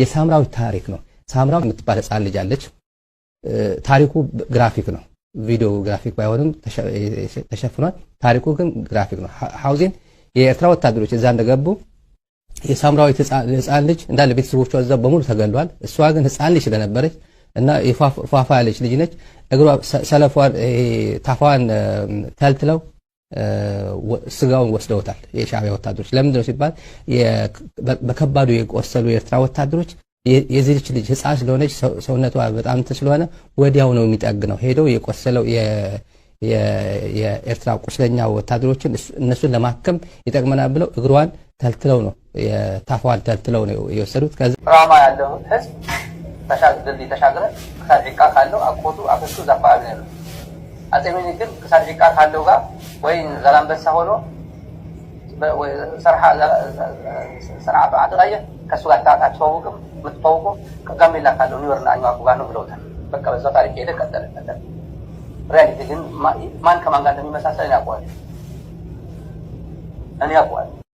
የሳምራዊት ታሪክ ነው። ሳምራዊ የምትባል ህፃን ልጅ አለች። ታሪኩ ግራፊክ ነው። ቪዲዮ ግራፊክ ባይሆንም ተሸፍኗል። ታሪኩ ግን ግራፊክ ነው። ሀውዜን የኤርትራ ወታደሮች እዛ እንደገቡ የሳምራዊት ህፃን ልጅ እንዳለ ቤተሰቦቿ እዛ በሙሉ ተገሏል። እሷ ግን ህፃን ልጅ ስለነበረች እና ፏፏ ያለች ልጅ ነች። እግሯ ሰለፏን ታፋዋን ተልትለው ስጋውን ወስደውታል የሻቢያ ወታደሮች። ለምንድነው ሲባል በከባዱ የቆሰሉ የኤርትራ ወታደሮች የዚህች ልጅ ሕፃን ስለሆነች ሰውነቷ በጣም ስለሆነ ወዲያው ነው የሚጠግነው። ሄደው የቆሰለው የኤርትራ ቁስለኛ ወታደሮችን እነሱን ለማከም ይጠቅመናል ብለው እግሯን ተልትለው ነው ታፏን ተልትለው ነው የወሰዱት። ራማ ያለውን ህዝብ ተሻግረ ካለው አቆቱ አፈሱ ዛ ነው አጼ ሚኒክን ሳድሪቃ ካለው ጋር ወይ ዘላንበሳ ሆኖ ስራ አደራየ ከእሱ ጋር አትተዋውቅም። የምትተዋውቀው ጋምቤላ ካለው ኒወርና አኝዋኩ ጋር ነው ብለውታል። በቃ በዛው ታሪክ ሄደ ቀጠለበታል። ሪያሊቲ ግን ማን ከማን ጋር እንደሚመሳሰል እኔ አውቀዋለሁ እኔ አውቀዋለሁ።